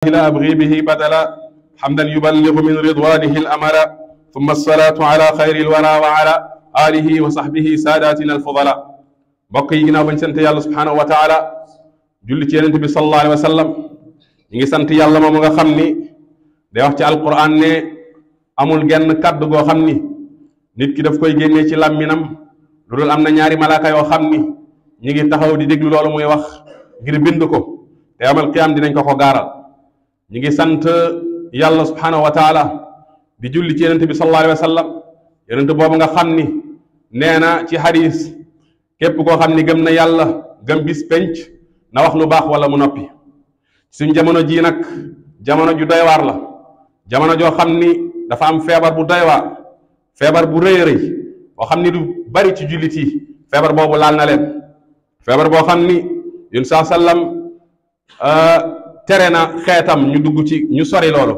إلى أبغيبه بدلا حمدا يبلغ من رضوانه الأملا ثم الصلاة على خير الورى وعلى آله وصحبه ساداتنا الفضلاء mbokk yi ginnaaw bañ sant yàlla subhaanahu wa taala julli ci yonent bi sallallahu alayhi wa sallam ñu ngi sant yàlla moom nga xam ni wax ci alquran ne amul genn kàddu goo xam ni nit ki daf koy génnee ci làmminam lu dul am na ñaari malaaka yoo xam ni ñu taxaw di déglu loolu muy wax ngir bind ko te amal qiyaam dinañ ko ko gaaral ñu ngi sant yàlla subhaanahu wa di julli ci yonente bi sallallahu alayhi wa sallam yonente boobu nga xam ni nee na ci xadis képp koo xam ni gëm na yàlla gëm bis penc na wax lu baax wala mu noppi suñ jamono jii nag jamono ju doy waar la jamono joo xam ni dafa am feebar bu doy waar feebar bu rëy rëy boo xam ni du bari ci jullit yi feebar boobu laal na leen feebar boo xam ni yun saa sallam euh, tere na xeetam ñu dugg ci ñu sori loolu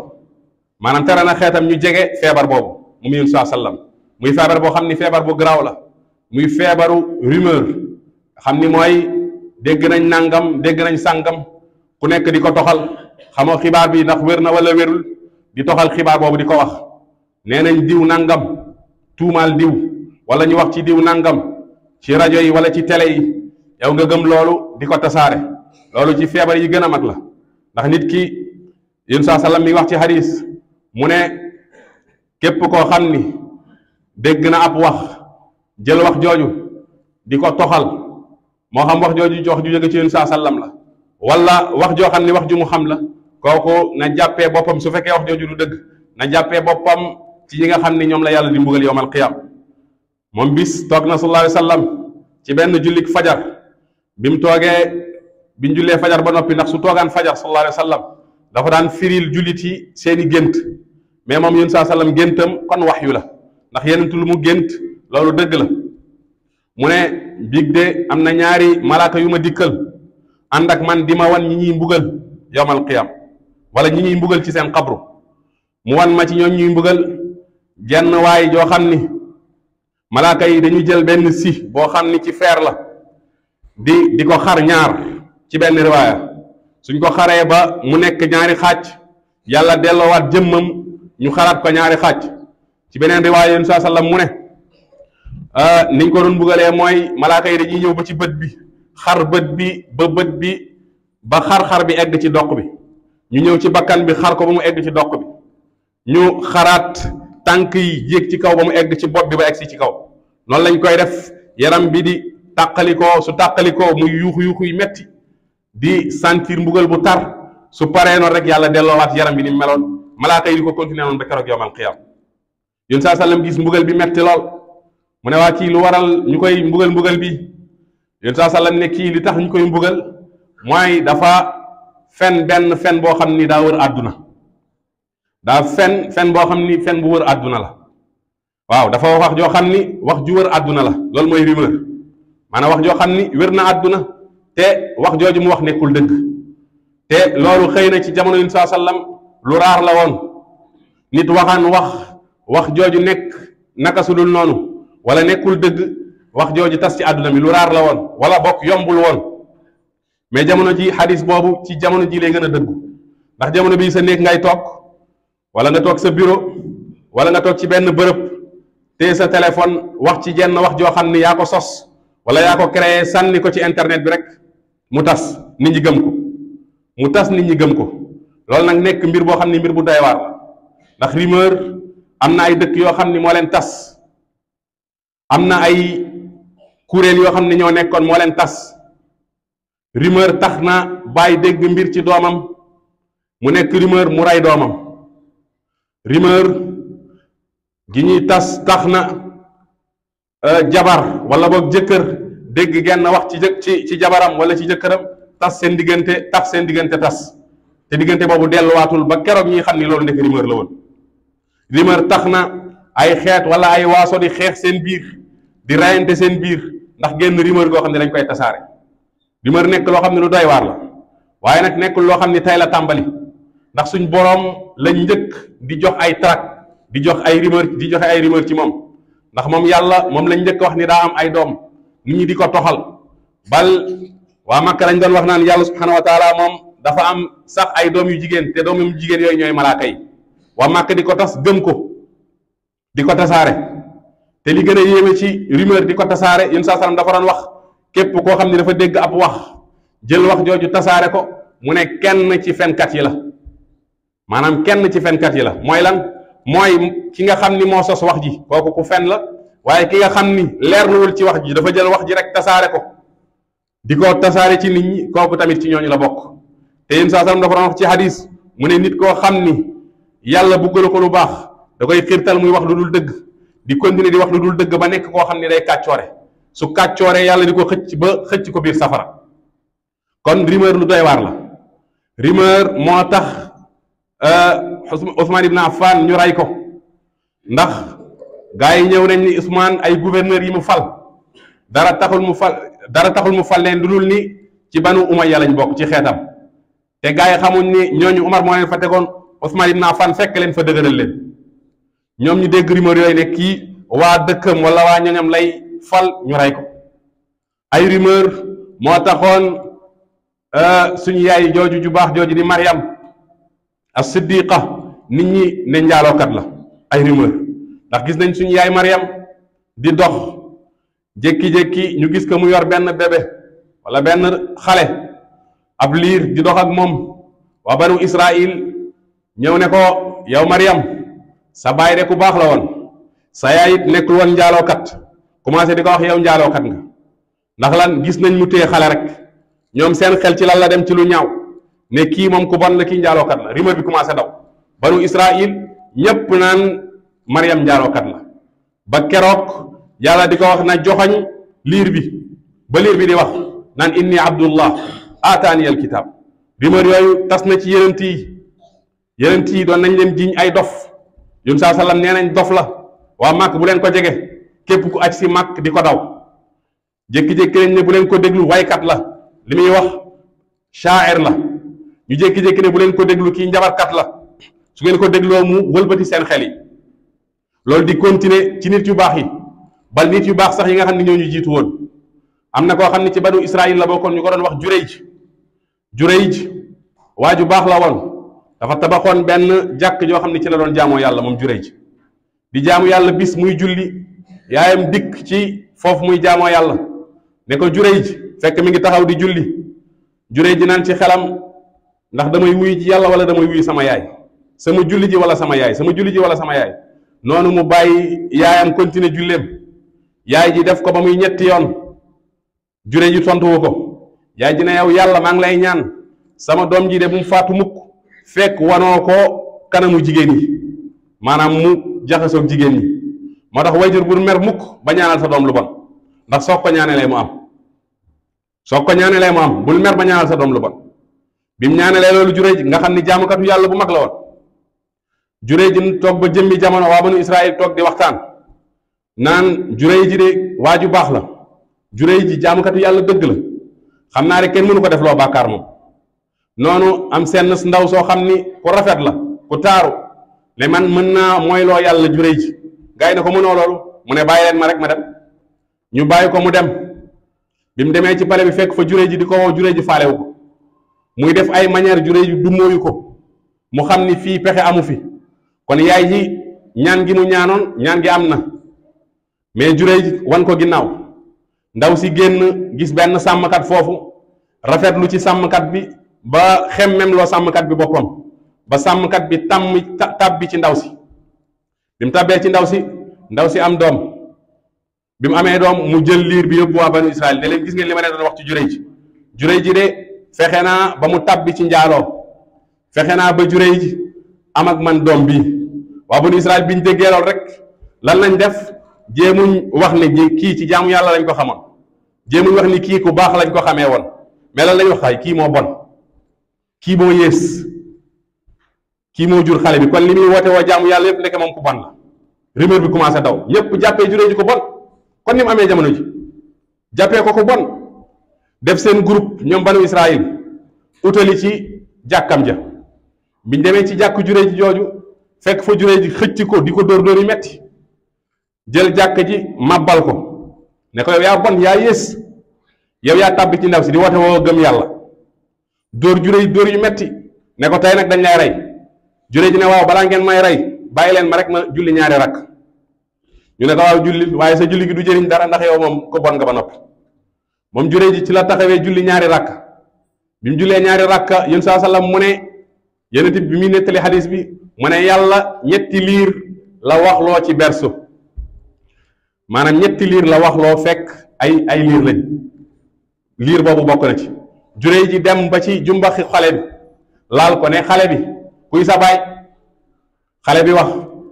maanaam tere na xeetam ñu jege feebar boobu mu muy saa sallam muy feebar boo xam ni feebar bu garaaw la muy feebaru rumeur xam ni mooy dégg nañ nangam dégg nañ sàngam ku nekk di ko toxal xamoo xibaar bi ndax wér na wala wérul di toxal xibaar boobu di ko wax nee nañ diw nangam tuumaal diw wala ñu wax ci diw nangam ci rajo yi wala ci tele yi yow nga gëm loolu di ko tasaare loolu ci feebar yi gën a mag la ndax nit ki yén saa sallam mi ngi wax ci xadis mu ne képp koo xam ni dégg na ab wax jël wax jooju di ko toxal moo xam wax jooju wax ju jóge ci yén saa sallam la wala wax joo xam ni wax ju mu xam la kooku na jàppee boppam su fekkee wax jooju du dëgg na jàppee boppam ci yi nga xam ni ñoom la yàlla di mbugal yowmal qiyaam moom bis toog na sallallahu alayhi sallam ci benn jullik fajar bi mu toogee biñ jullee fajar ba noppi ndax su toogaan fajar sallallahu alayhi wa sallam dafa daan firil jullit yi seeni gént mais moom yéen saa sallam géntam kon wax yu la ndax yenentu lu mu gént loolu dëgg la mu ne biig de am na ñaari malaaka yu ma dikkal ànd ak man di ma wan ñi ñuy mbugal yowmal qiyam wala ñi ñuy mbugal ci seen xabru mu wan ma ci ñoom ñuy mbugal jenn waay joo xam ni malaaka yi dañu jël benn si boo xam ni ci feer la di di ko xar ñaar ci benn riwaaya suñ ko xaree ba mu nekk ñaari xaaj yàlla delloowaat jëmmam ñu xaraat ko ñaari xaaj ci beneen riwaaya yéen saa sallam mu ne ah, niñ ko doon bugalee mooy malaaka yi ñu ñëw ba ci bët bi xar bët bi ba bët bi ba xar-xar bi egg ci doq bi ñu ñëw ci bakkan bi xar ko ba mu egg ci doq bi ñu xaraat tànk yi yéeg ci kaw ba mu egg ci bopp bi ba egg si ci kaw noonu lañ koy def yaram bi di tàqalikoo su tàqalikoo muy yuuxu yuuxu yi metti di sentir mbugal bu tar su paree noonu rek yàlla delloowaat yaram bi ni meloon malaaka yi di ko continuer noonu ba keroog yowmal qiyaam yoon saa sallam gis mbugal bi metti lool mu ne waa kii lu waral ñu koy mbugal mbugal bi yoon saa sallam ne kii li tax ñu koy mbugal mooy dafa fen benn fen boo xam ni daa wër àdduna daa fen fen boo xam ni fen bu wër àdduna la waaw dafa wax joo xam ni wax ju wër àdduna la loolu mooy rumeur maanaam wax joo xam ni wér na àdduna te wax jooju mu wax nekkul dëgg te loolu xëy na ci jamono yu saa sallam lu raar la woon nit waxaan wax wax jooju nekk naka su dul noonu wala nekkul dëgg wax jooju tas ci àdduna mi lu raar la woon wala bokk yombul woon mais jamono ji xadis boobu ci jamono ji lay gën a dëggu ndax jamono bii sa néeg ngay toog wala nga toog sa buro wala nga toog ci benn bërëb te sa téléphone wax ci jenn wax joo xam ni yaa ko sos wala yaa ko créé sànni ko ci internet bi rek mu tas nit ñi gëm ko mu tas nit ñi gëm ko loolu nag nekk mbir boo xam ne mbir bu doy waar la ndax rumeur am na ay dëkk yoo xam ne moo leen tas am na ay kuréel yoo xam ne ñoo nekkoon moo leen tas rumeur tax na bàyyi dégg mbir ci doomam mu nekk rumeur mu rey doomam rumeur gi ñuy tas tax na euh, jabar walla boog jëkkër dégg genn wax ci ci ci jabaram wala ci jëkkëram tas seen diggante tax seen diggante tas te diggante boobu delluwaatul ba keroog ñi xam ni loolu nekk rumeur la woon rumeur tax na ay xeet wala ay waaso di xeex seen biir di rayante seen biir ndax génn rumeur goo xam ne dañ koy tasaare rumeur nekk loo xam ne lu doy waar la waaye nag nekkul loo xam ne tey la tàmbali ndax suñ boroom lañ njëkk di jox ay tract di jox ay rumeur di joxe ay rumeur ci moom ndax moom yàlla moom lañ njëkk wax ni daa am ay doom nit ñi di ko toxal bal waa Makka lañ doon wax naan yàlla subhanahu wa moom dafa am sax ay doom yu jigéen te doom yu jigéen yooyu ñooy malaaka yi waa Makka di ko tas gëm ko di ko tasaare te li gën a yéeme ci rumeur di ko tasaare yén saa salaam dafa doon wax képp koo xam ne dafa dégg ab wax jël wax jooju tasaare ko mu ne kenn ci fenkat yi la maanaam kenn ci fenkat yi la mooy lan mooy ki nga xam ni moo sos wax ji kooku ku fen la waaye ki nga xam ni leer luwul ci wax ji dafa jël wax ji rek tasaare ko di ko tasaare ci nit ñi kooku tamit ci ñooñu la bokk te in saa salam dafa doon wax ci xadis mu ne nit koo xam ni yàlla bëggalu ko lu baax da koy xiirtal muy wax lu dul dëgg di continuer di wax lu dul dëgg ba nekk koo xam ni day kàccoore su kàccooree yàlla di ko xëcc ba xëcc ko biir safara kon rumeur lu doy waar la rumeur moo tax euh, Ousmane Ibn Affan ñu ray ko ndax gaa yi ñëw nañ ni Ousmane ay gouverneur yi mu fal dara taxul mu fal dara taxul mu fal leen lu dul ni ci banu Umayya lañ bokk ci xeetam te gaa yi xamuñ ni ñooñu Umar moo leen fa tegoon Ousmane naa fan fekk leen fa dëgëral leen ñoom ñu dégg rumeur yooyu ne kii waa dëkkam wala waa ñoñam lay fal ñu rey ko ay rumeur moo taxoon euh, suñu yaay jooju ju baax jooju di Mariam as-Siddiqa nit ñi ne njaalookat la ay rumeur ndax gis nañ suñu yaay Mariam di dox jékki-jékki ñu gis ko mu yor benn bébé wala benn xale ab liir di dox ak moom waa banu Israil ñëw ne ko yow Mariam sa baay de ku baax la woon sa yaay it nekkul woon njaalookat commencé di ko wax yow njaalookat nga ndax lan gis nañ mu téye xale rek ñoom seen xel ci lal la dem ci lu ñaaw ne kii moom ku bon la kii njaalookat la rima bi commencé daw banu Israil ñépp naan Mariam njaalookat la ba keroog yàlla di ko wax na joxoñ liir bi ba liir bi di wax naan indi abdullah aataani al kitaab rumeur yooyu tas na ci yenent yi yenent yi doon nañ leen jiiñ ay dof yun saa sallam nee nañ dof la waa màkk bu leen ko jege képp ku aj si màkk di ko daw jékki-jékki nañ ne bu leen ko déglu waykat la li muy wax shaair la ñu jékki-jékki ne bu leen ko déglu kii njabarkat la su ngeen ko dégloo mu wëlbati seen xel yi loolu di continuer ci nit yu baax yi bal nit yu baax sax yi nga xam ni ñoo jiitu woon am na koo xam ne ci ba banu Israël la bokkoon ñu ko doon wax Jurayj ji waa ju baax la woon dafa tabaxoon benn jàkk yoo xam ne ci la doon jaamoo yàlla moom Jurayj di jaamu yàlla bis muy julli yaayam dikk ci foofu muy jaamoo yàlla ne ko Jurayj fekk mi ngi taxaw di julli ji naan ci xelam ndax damay wuy yàlla wala damay wuy sama yaay sama julli ji wala sama yaay sama julli ji wala sama yaay noonu mu bàyyi yaayam continuer julleem yaay ji def ko ba muy ñetti yoon jure ji tontuwu ko yaay ji ne yow yàlla maa ngi lay ñaan sama doom ji de bu mu faatu mukk fekk wanoo ko kanamu jigéen yi maanaam mu jaxasoog jigéen ñi moo tax wayjur bu mer mukk ba ñaanal sa doom lu bon ndax soog ko ñaanelee mu am soog ko ñaanelee mu am bul mer ba ñaanal sa doom lu bon bi mu ñaanelee loolu jure ji nga xam ni jaamukatu yàlla bu mag la woon jure ji toog ba jëmmi jamono waa banu Israël toog di waxtaan naan jure ji de waa ju baax la Juray ji jaamukatu yàlla dëgg la xam naa rek kenn mënu ko def loo bàkkaar moom noonu am senn ndaw soo xam ni ku rafet la ku taaru ne man mën naa mooy loo yàlla Juray ji gars yi ne ko mënoo loolu mu ne bàyyi leen ma rek ma dem ñu bàyyi ko mu dem bi mu demee ci pale bi fekk fa jure ji di ko woo Juray ji faalewu ko muy def ay manière Juray ji du mooyu ko mu xam ni fii pexe amu fi. kon yaay yi ñaan gi mu ñaanoon ñaan gi am na mais Jurayj wan ko ginnaaw ndaw si génn gis benn sàmmkat foofu rafetlu ci sàmmkat bi ba xemmem loo sàmmkat bi boppam ba sàmmkat bi tàmm tàbbi ci ndaw si bi mu tàbbee ci ndaw si ndaw si am doom bi mu amee doom mu jël liir bi yóbbu waa banu Israël ne leen gis ngeen li ma ne doon wax ci Jurayj Jurayj de fexe naa ba mu tàbbi ci njaaloo fexe naa ba ji am ak man doom bi waa banu Israël bi ñu déggee lool rek lan lañ def jéemuñ wax ne kii ci jaamu yàlla lañ ko xamoon jéemuñ wax ni kii ku baax lañ ko xamee woon mais lan lañ wax xay kii moo bon kii moo yées kii moo jur xale bi kon li muy woote woo jaamu yàlla yëpp ndeke moom ko bon la rumeur bi commencé daw ñëpp jàppee juree ji ko bon kon ni mu amee jamono ji jàppee ko ko bon def seen groupe ñoom banu Israël utali ci jàkkam ja bi demee ci jàkk juree ji jooju fekk fa juree ji xëcc ko di ko dóor dóor yi metti jël jàkk ji màbbal ko ne ko yow yaa bon yaa yées yow yaa tàbbi ci ndaw si di woote woo gëm yàlla dóor juree dóor yu metti ne ko tey nag dañ lay rey juree ji ne waaw balaa ngeen may rey bàyyi leen ma rek ma julli ñaari rakk ñu ne ko waaw julli waaye sa julli gi du jëriñ dara ndax yow moom ko bon nga ba noppi moom juree ji ci la taxawee julli ñaari rakk bi mu jullee ñaari rakk yéen saa salaam mu ne yenent bi muy nettali xadis bi mu ne yàlla ñetti liir la waxloo ci bersu maanaam ñetti liir la waxloo fekk ay ay liir lañ liir boobu bokk na ci juree ji dem ba ci jumbaxi xale bi laal ko ne xale bi kuy sa baay xale bi wax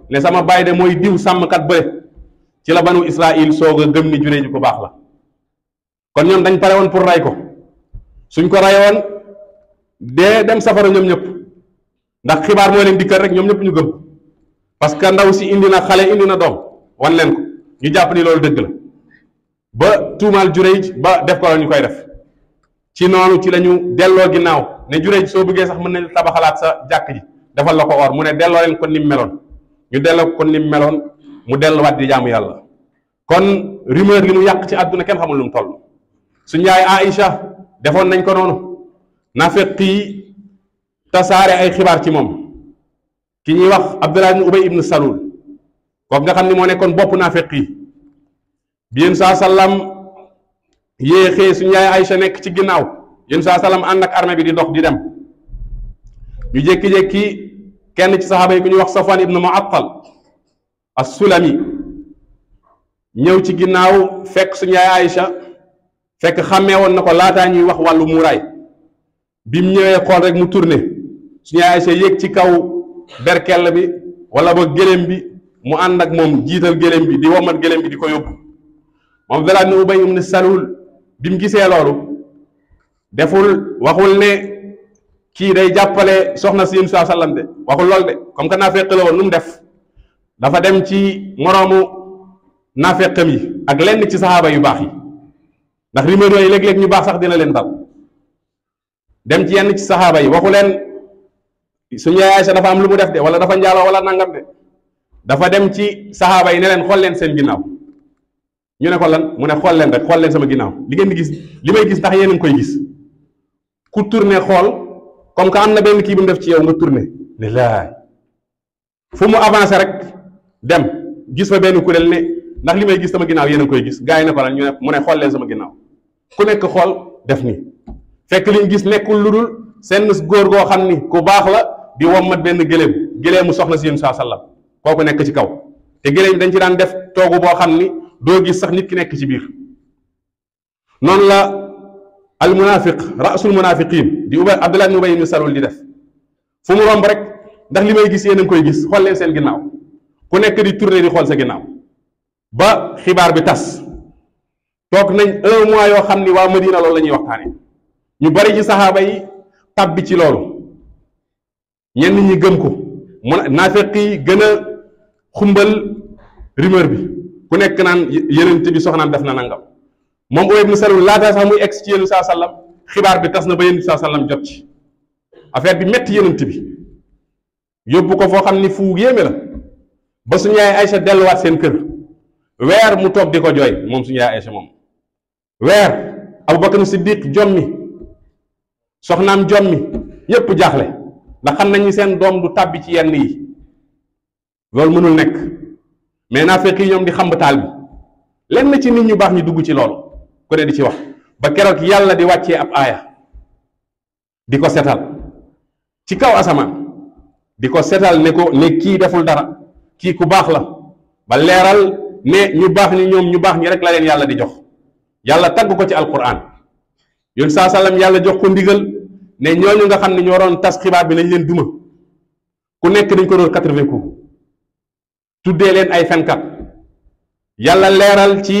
ne sama baay de mooy diw sàmmkat bëre ci la banu Israil soog a gëm ni juree ji ku baax la kon ñoom dañ pare woon pour rey ko suñ ko reyoon dee dem safara ñoom ñëpp ndax xibaar moo leen dikkal rek ñoom ñëpp ñu gëm parce que ndaw si indi na xale indi na doom wan leen ko ñu jàpp ni loolu dëgg la ba tuumaal Jurayj ba def ko la ñu koy def ci noonu ci lañu delloo ginnaaw ne Jurayj soo buggee sax mën nañ tabaxalaat sa jàkk ji defal la ko or mu ne delloo leen ko ni mu meloon ñu delloo ko ni mu meloon mu delluwaat di jaamu yàlla kon rumeur li mu yàq ci àdduna kenn xamul lu mu su njaay Aïcha defoon nañ ko noonu nafeq tasaare ay xibaar ci moom ki ñuy wax Abdullah ibn Ubay ibn Salul kooku nga xam ne moo nekkoon bopp naafeq yi bi yéen saa sallam yéexee suñu yaay Aysa nekk ci ginnaaw yéen saa sallam ànd ak armée bi di dox di dem ñu jékki-jékki kenn ci saxaaba yi ku ñuy wax Safwan ibn Mu'attal as-Sulami ñëw ci ginnaaw fekk suñu yaay Aysa fekk xàmmee woon na ko laataa ñuy wax wàllu muuraay bi mu ñëwee xool rek mu tourné suñu ASC yéeg ci kaw berkell bi wala ba gëléem bi mu ànd ak moom jiital gëléem bi di womat gëléem bi di ko yóbbu moom Abdallah ibn Ubay ibn Salul bi mu gisee loolu deful waxul ne kii day jàppale soxna si saa sallam de lool de comme que naafeq mu def dafa dem ci moroomu naafeqam yi ak lenn ci saxaaba yu baax yi ndax numéro yi léeg-léeg ñu baax sax dina leen dal dem ci yenn ci saxaaba yi waxu leen suñu yaay Aysa dafa am lu mu def de wala dafa njaaloo wala nangam de dafa dem ci saxaaba yi ne leen xool leen seen ginnaaw ñu ne ko lan mu ne xool leen rek xool leen sama ginnaaw li ngeen di gis li may gis ndax yéen koy gis ku tourné xool comme que am kii bu def ci yow nga tourné ne laay fu mu avancé rek dem gis fa benn kuréel ne ndax li may gis sama ginnaaw yéen koy gis gars ne ko lan ñu ne mu ne xool leen sama ginnaaw ku nekk xool def ni fekk liñ gis nekkul lu dul seen góor goo xam ni ku baax la di mat benn gëléem gëléemu soxna si yéen saa koo ko nekk ci kaw te yi dañ ci daan def toogu boo xam ni doo gis sax nit ki nekk ci biir noonu la al munafiq rasul munafiqin di ubay abdullah ibn ubay ñu salul di def fu mu romb rek ndax li may gis yéen a koy gis xool leen seen ginnaaw ku nekk di tourner di xool sa ginnaaw ba xibaar bi tas toog nañ un mois yoo xam ni waa Madina lool la ñuy waxtaane ñu bari ci saxaaba yi tabbi ci loolu ñenn ñi gëm ko mu naafeq yi gën a xumbal rumeur bi ku nekk naan yenent bi soxnaam def na nangam moom Ubay ibn Salul laataa sax muy egg ci yenent saa sallam xibaar bi tas na ba yenent saa sallam jot ci affaire bi metti yenent bi yóbbu ko foo xam ni fu yéeme la ba suñu yaay Aysa delluwaat seen kër weer mu toog di ko jooy moom suñu yaay Aysa moom weer Abubakar Siddiq jommi soxnaam jommi ñépp jaaxle ndax xam nañu seen doom du tàbbi ci yenn yi loolu mënul nekk mais naa fekk yi ñoom di xamb taal bi lenn ci nit ñu baax ñu dugg ci lool ku ne di ci wax ba keroog yàlla di wàccee ab aaya di ko setal ci kaw asamaan di ko setal ne ko ne kii deful dara kii ku baax la ba leeral ne ñu baax ñi ñoom ñu baax ñi rek la leen yàlla di jox yàlla tagg ko ci alquran yoon saa yàlla jox ko ndigal ne ñooñu nga xam ne ñoo doon tas xibaar bi nañ leen duma ku nekk dañ ko doon quatre-vingts tuddee leen ay fenkat yàlla leeral ci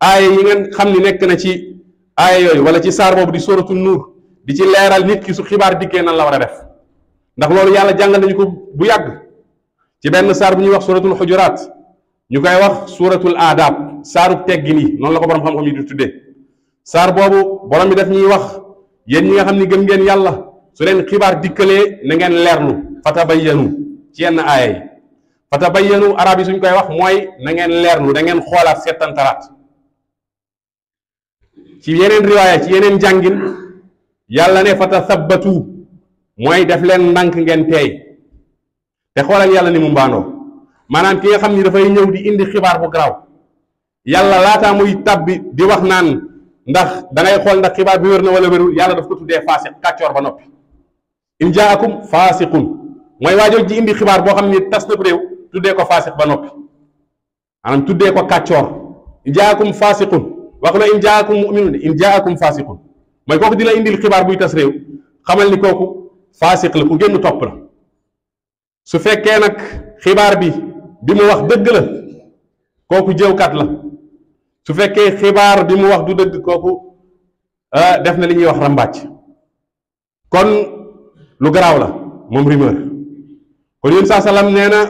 aaya yi ngeen xam ni nekk na ci aaya yooyu wala ci saar boobu di sóoratu nuur di ci leeral nit ki su xibaar dikkee nan la war a def ndax loolu yàlla jàngal nañu ko bu yàgg ci benn saar bu ñuy wax suratul xujuraat ñu koy wax suratul aadaab saarub teggin yi noonu la ko borom xam-xam yi di tuddee saar boobu borom bi wax yéen ñi nga xam ni gëm ngeen yàlla su leen xibaar dikkalee na ngeen leerlu fatabayyanu ci yenn aaya yi fatabayyanu arab yi suñ koy wax mooy na ngeen leerlu da ngeen xoolaat seetantalaat ci yeneen riwaaya ci yeneen jàngin yàlla ne fatasabbatu mooy def leen ndànk ngeen teey te xoolal yàlla ni mu mbaandoo maanaam ki nga xam ni dafay ñëw di indi xibaar bu garaaw yàlla laataa muy tàbbi di wax naan ndax da xool ndax xibaar bi wér na wala wérul yàlla daf ko tuddee faasiq kàccoor ba noppi in jaakum faasiqun mooy waajoo ji indi xibaar boo xam ne tas na réew tuddee ko faasiq ba noppi maanaam tuddee ko kàccoor in jaakum faasiqun wax la in jaakum muminun in jaakum faasiqun mooy kooku di indil xibaar buy tas réew xamal ni kooku faasiq la ku génn topp la su fekkee nag xibaar bi bi mu wax dëgg la kooku jëwkat la su fekkee xibaar bi mu wax du dëgg kooku ah, def na li ñuy wax ràmbaaj kon lu garaaw la moom rumeur kon yéen saa nee na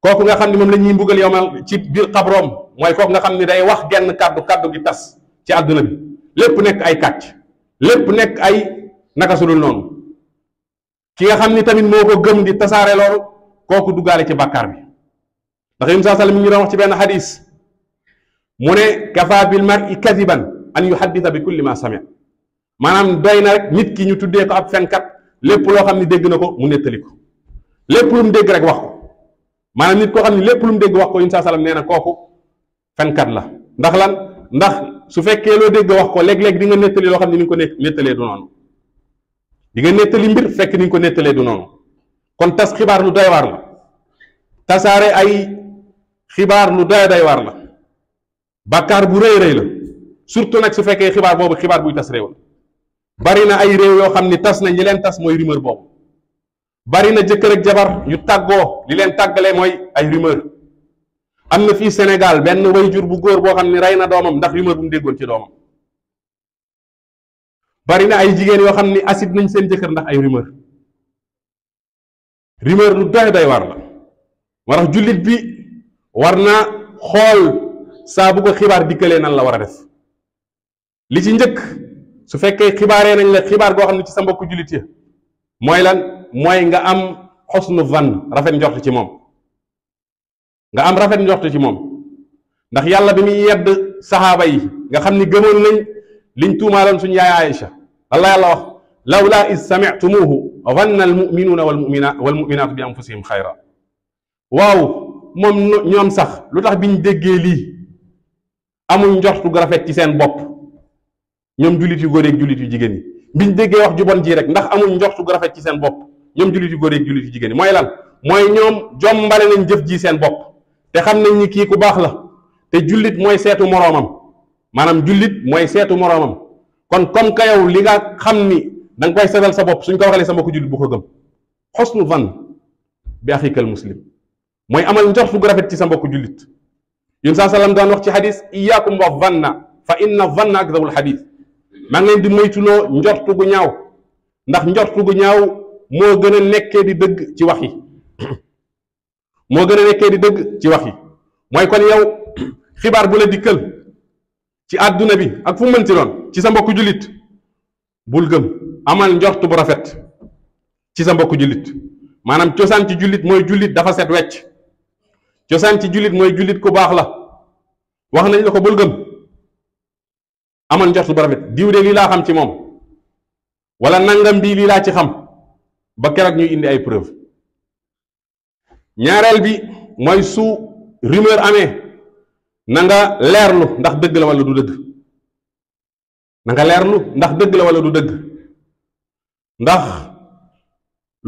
kooku nga xam ne moom la ñuy mbugal yomal ci biir xabroom mooy kooku nga xam ni day wax genn kàddu kàddu gi tas ci àdduna bi lépp nekk ay kàcc lépp nekk ay naka su noonu ki nga xam ni tamit moo ko gëm di tasaare loolu kooku duggaale ci bàkkaar bi ndax yéen saa salaam mi ngi wax ci benn xadis. mu ne kafa bil mar'i kadiban an yuhaddisa bi kulli ma same maanaam doy na rek nit ki ñu tuddee ko ab fenkat lépp loo xam ne dégg na ko mu nettali ko lépp lu mu dégg rek wax ko maanaam nit koo xam ne lépp lu mu dégg wax ko yun saa salaam nee na kooku fenkat la ndax lan ndax su fekkee loo dégg wax ko léeg-léeg di nga nettali loo xam ne ni nga ko nettalee du noonu di nga nettali mbir fekk ni ko nettalee du noonu kon tas xibaar lu doy waar la tasaare ay xibaar lu doy doy waar la bàkkaar bu rëy rëy la surtout nag su fekkee xibaar boobu xibaar buy tas réew la bari na ay réew yoo xam ni tas na ñi leen tas mooy rumeur boobu bari na jëkkër ak jabar ñu tàggoo li leen tàggale mooy ay rumeur am na fii senegal benn jur bu góor boo xam ni rey na doomam ndax rumeur bu mu déggoon ci doomam bari na ay jigéen yoo xam ni acide nañ seen jëkkër ndax ay rumeur rumeur lu doy doy war la war jullit bi war na xool saa bu ko xibaar dikkalee nan la war a def li ci njëkk su fekkee xibaaree nañ la xibaar goo xam ne ci sa mbokku jullit ya mooy lan mooy nga am xosnu van rafet njort ci moom nga am rafet njort ci moom ndax yàlla bi muy yedd saxaaba yi nga xam ni gëmoon nañ liñ tuumaaloon suñ yaay Aïcha allah yàlla wax lawlaa is samitumuuhu vanna al muminuuna wal mumina wal muminaatu bi anfusihim xayra waaw moom ñoom sax lu tax biñ déggee lii amul njortu gu rafet ci seen bopp ñoom jullit yu góor ak jullit yu jigéen ñi biñ déggee wax ju ji rek ndax amul njortu gu rafet ci seen bopp ñoom jullit yu góor ak jullit yu jigéen ñi mooy lan mooy ñoom jombale nañ jëf ji seen bopp te xam nañ kii ku baax la te jullit mooy seetu moroomam maanaam jullit mooy seetu moroomam kon comme que li nga xam ni da koy setal sa bopp suñ ko waxalee sa mbokku jullit bu ko gëm xosnu van bi axikal muslim mooy amal njortu rafet ci sa mbokku jullit yun saa daan wax ci xadis iyaakum wa vanna fa inna vanna ak dawul xadis maa ngi leen di moytuloo njortu gu ñaaw ndax njortu gu ñaaw moo gën a nekkee di dëgg ci wax yi moo gën a nekkee di dëgg ci wax yi mooy kon yow xibaar bu la dikkal ci àdduna bi ak fu mu ci sa mbokku jullit bul gëm amal njort bu rafet ci sa mbokku jullit maanaam cosaan ci jullit mooy jullit dafa set wecc cosaan ci jullit mooy jullit ku baax la wax nañ la ko bul gëm amal njort bu rafet diw lii laa xam ci moom wala nangam bii lii laa ci xam ba keroog ñuy indi ay preuve ñaareel bi mooy su rumeur amee na nga leerlu ndax dëgg la wala du dëgg leerlu ndax dëgg la wala du dëgg ndax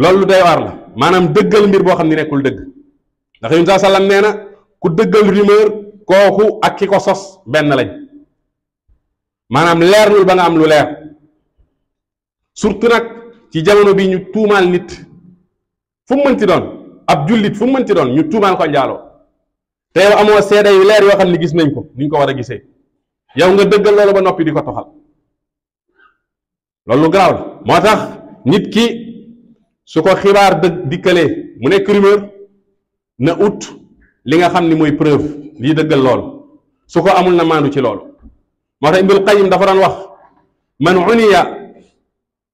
loolu day waar la maanaam dëggal mbir boo xam ne nekkul dëgg ndax yun saa sallam nee na ku dëggal rumeur kooku ak ki ko sos benn lañ maanaam leer leerlul ba nga am lu leer surtout nag ci jamono bi ñu tuumaal nit fu mu mënti doon ab jullit fu mu mënti doon ñu tuumaal ko njaaloo te amoo seede yu leer yoo xam ne gis nañ ko ni ko war a gisee yow nga dëggal loolu ba noppi di ko toxal loolu lu la moo tax nit ki su ko xibaar dëgg dikkalee mu nekk rumeur na ut li nga xam ni mooy preuve lii dëggal lool su ko amul na maandu ci loolu moo tax Ibnul Qayyim dafa daan wax man uniya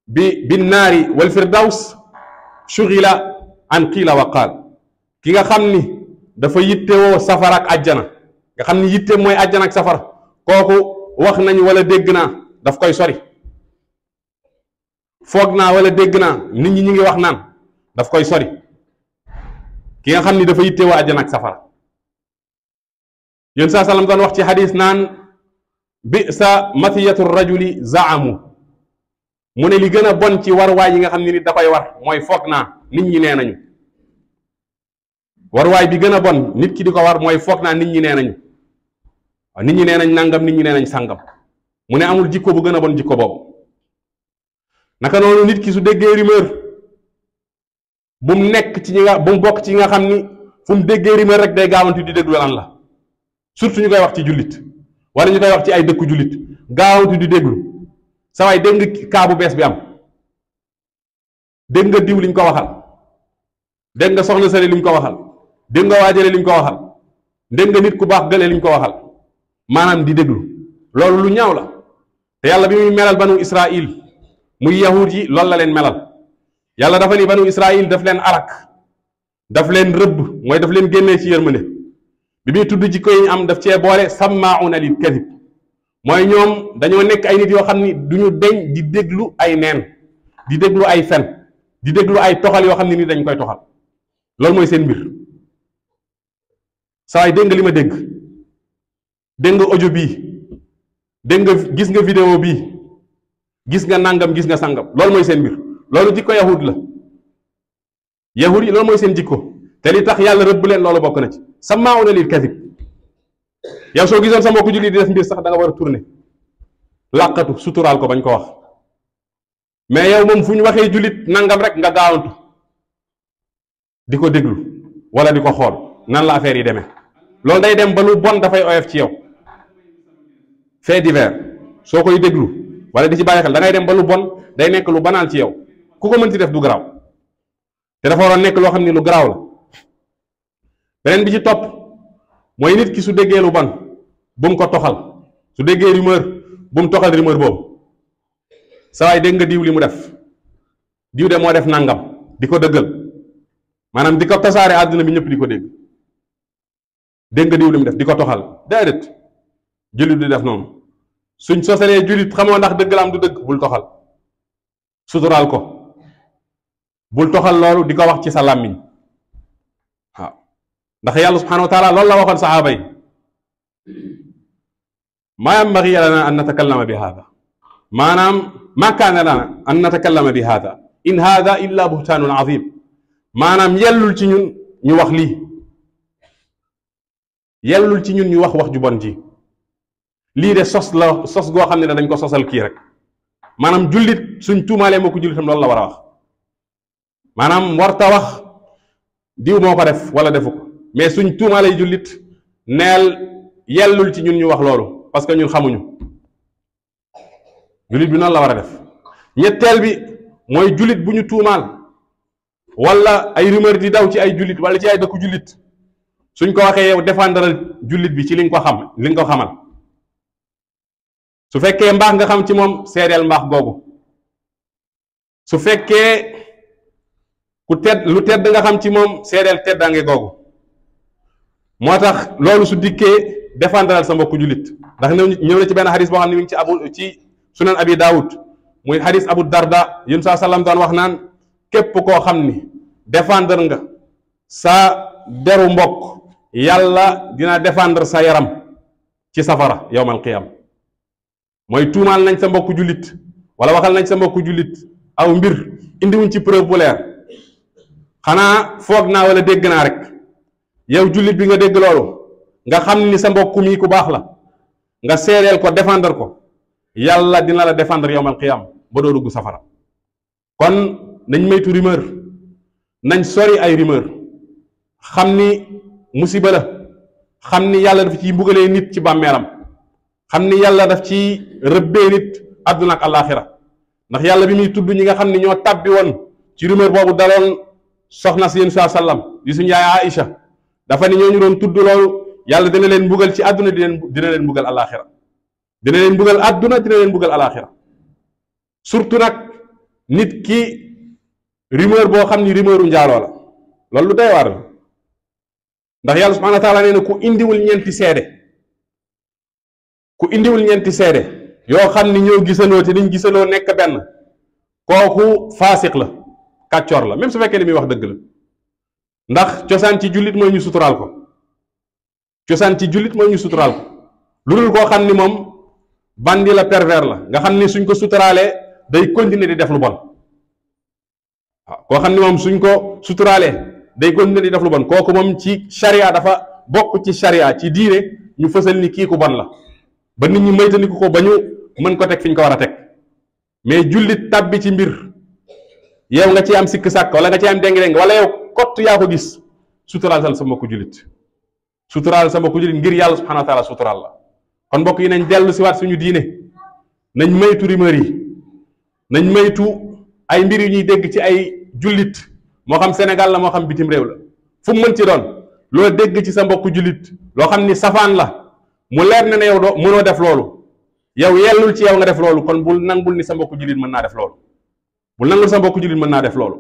bi bin naari wal firdaws shugila an qiila ki nga xam ni dafa yittewoo safara ak ajjana nga xam ni yitte mooy ajjana ak safara kooku wax nañu wala dégg naa daf koy sori foog naa wala dégg naa nit ñi ñu ngi wax naan daf koy sori ki nga xam ni dafa yittewoo àjjana ak safara yén saa sallam daan wax ci xadis naan bi sa matiyatu rajuli zaamu mu ne li gën a bon ci warwaay yi nga xam ne nit da war mooy foog naa nit ñi nee nañu warwaay bi gën a bon nit ki di ko war mooy foog naa nit ñi nee nañu nit ñi nee nañ nangam nit ñi nee nañ sàngam mu ne amul jikko bu gën a bon jikko boobu naka noonu nit ki su déggee rumeur bu mu nekk ci ñi nga bu mu bokk ci ñi nga xam ni fu mu déggee rumeur rek day gaawantu di déglu lan la surtout ñu koy wax ci jullit wala ñu koy wax ci ay dëkku jullit gaawantu di déglu sa waay dégg nga kaa bu bees bi am dégg nga diw liñ ko waxal dégg nga soxna sële liñ ko waxal dégg nga waajale liñ ko waxal dégg nga nit ku baax gële liñ ko waxal maanaam di déglu loolu lu ñaaw la te yàlla bi muy melal banu Israil muy yahud yi loolu la leen melal. yàlla dafa ni banu Israël daf leen arak daf leen rëbb mooy daf leen génnee ci yërmande bi muy tudd jikko yi am daf cee boole sammaa'una lil kadib mooy ñoom dañoo nekk ay nit yoo xam ni du ñu deñ di déglu ay neen di déglu ay fen di déglu ay toxal yoo xam ne ni dañ koy toxal loolu mooy seen mbir saa yi dégg nga li ma dégg dégg nga audio bii dégg nga gis nga vidéo bi gis nga nangam gis nga sangam loolu mooy seen mbir loolu jikko yahud la yahud yi loolu mooy seen jikko te li tax yàlla rëbb leen loolu bokk na ci sa maaw na lil kasib yow soo gisoon sama ko julli di def mbir sax da nga war a tourner làqatu suturaal ko bañ ko wax mais yow moom fu ñu waxee jullit nangam rek nga gaawantu di ko déglu wala di ko xool nan la affaire yi demee loolu day dem ba lu bon dafay oyof ci yow fait divers soo koy déglu wala di ci bàyyi xel da dem ba lu bon day nekk lu banal ci yow ku ko mënti def du garaaw te dafa war a nekk loo xam ni lu garaaw la beneen bi ci topp mooy nit ki su déggee lu ban bu mu ko toxal su déggee rumeur bu mu toxal rumeur boobu saa waay dégg nga diw li mu def diw de moo def nangam di ko dëggal maanaam di ko tasaare àdduna bi ñëpp di ko dégg dégg nga diw li mu def di ko toxal déedéet jullit du def noonu suñ sosalee jullit xamoo ndax dëgg la am du dëgg bul toxal suturaal ko bul toxal loolu di ko wax ci sa làmmiñ waaw ndax yàlla subhanahu wa taala la waxoon saxaaba yi maa yambagi lana an natakallama bi haada maanaam maa kaana lana an natakallama bi haada in haada illa buhtaanun azim maanaam yellul ci ñun ñu wax lii yellul ci ñun ñu wax wax ju bon ji lii de sos la sos goo xam ne dañ ko sosal kii rek maanaam jullit suñ tuumaalee moo ko jullitam loolu la war a wax maanaam warta wax diw moo ko def wala defu mais suñ tuumaalay jullit neel yellul ci ñun ñu wax loolu parce que ñun xamuñu jullit bi noonu la war a def ñetteel bi mooy jullit bu ñu tuumaal wala ay rumeur di daw ci ay jullit wala ci ay dëkku jullit suñ ko waxee yow défendral jullit bi ci li nga ko xam li nga ko xamal su fekkee mbaax nga xam ci moom seedeel mbaax googu su fekkee ku tedd lu tedd nga xam ci moom seedeel teddaange googu moo tax loolu su dikkee défendral sa mbokku jullit ndax ñëw na ci benn xadis boo xam ne mi ci abu ci sunan abi daawud muy xadis abu darda yén saa sallam daan wax naan képp koo xam ni défendre nga sa deru mbokk yàlla dina défendre sa yaram ci safara yowmal qiyam mooy tuumaal nañ sa mbokku jullit wala waxal nañ sa mbokku jullit aw mbir indiwuñ ci preuve bu leer xanaa foog naa wala dégg naa rek yow jullit bi nga dégg loolu nga xam ni sa mbokk mi ku baax la nga seereel ko défendre ko yàlla dina la défendre yowmal qiyaam ba doo dugg safara kon nañ moytu rumeur nañ sori ay rumeur xam ni musiba la xam ni yàlla daf ci mbugalee nit ci bàmmeelam xam ni yàlla def ci rëbbee nit àdduna ak àllaaxira ndax yàlla bi muy tudd ñi nga xam ni ñoo tàbbi woon ci rumeur boobu daloon soxna si yéen saa sallam di suñu yaay Aïcha dafa ne ñooñu doon tudd loolu yàlla dina leen mbugal ci àdduna di leen dina leen mbugal alaaxira dina leen mbugal adduna dina leen mbugal alaaxira surtout nag nit ki rumeur boo xam ni rumeuru njaaloo la loolu lu doy waar ndax yàlla subhaana taala nee na ku indiwul ñeenti seede ku indiwul ñeenti seede yoo xam ni ñoo gisanoo te dañ gisanoo nekk benn kooku faasiq la kàccoor la même su fekkee li muy wax dëgg la ndax cosaan ci jullit mooy ñu suturaal ko mooy ñu suturaal ko lu dul koo xam ni moom bandi la pervers la nga xam ni suñ ko suturaalee day continuer di def lu bon waaw ah, koo xam ni moom suñ ko suturaalee day continuer di def lu kooku moom ci charia dafa bokk ci charia ci diine ñu fësal ni kii bon la ba nit ñi moytandiku ko ba ñu mën ko teg fi ñu ko war a teg mais jullit tàbbi ci mbir yow nga ci am sikk sàkk wala nga ci am déng-déng wala yow kott yaa ko gis suturaal sa mbokku jullit suturaal sa mbokku jullit ngir yàlla subhanahu wa suturaal la kon mbokk yi nañ dellu si waat suñu diine nañ maytu rumeur yi nañ maytu ay mbir yu ñuy dégg ci ay jullit moo xam senegal la moo xam bitim réew la fu mu mën ci doon loo dégg ci sa mbokku jullit loo xam ni safaan la mu leer na ne yow doo mënoo def loolu yow yellul ci yow nga def loolu kon bul nangul ni sa mbokku jullit mën naa def loolu bu nangul sa mbokk jullit mën naa def loolu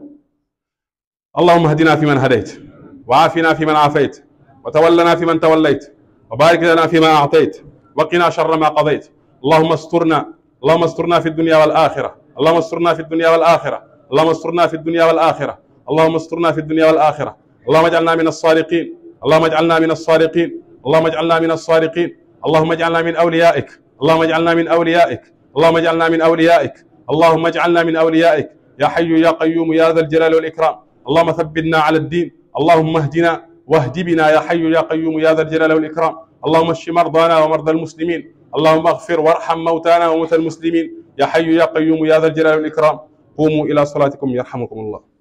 allahuma hadina fi man hadayt wa aafina fi man aafayt wa tawallana fi man tawallayt wa barik lana fi ma aatayt wa qina sharra ma qadayt allahuma asturna allahuma asturna fi dunya wal axira allahuma asturna fi dunya wal axira allahuma asturna fi dunya wal axira allahuma asturna fi dunya wal axira allahuma ij'alna min as-sadiqin allahuma ij'alna min as-sadiqin allahuma ij'alna min as-sadiqin allahuma ij'alna min awliyaik allahuma ij'alna min awliyaik allahuma ij'alna min awliyaik اللهم اجعلنا من أوليائك يا حي يا قيوم يا ذا الجلال والإكرام اللهم ثبتنا على الدين اللهم اهدنا واهد بنا يا حي يا قيوم يا ذا الجلال والإكرام اللهم اشف مرضانا ومرضى المسلمين اللهم اغفر وارحم موتانا وموتى المسلمين يا حي يا قيوم يا ذا الجلال والإكرام قوموا إلى صلاتكم يرحمكم الله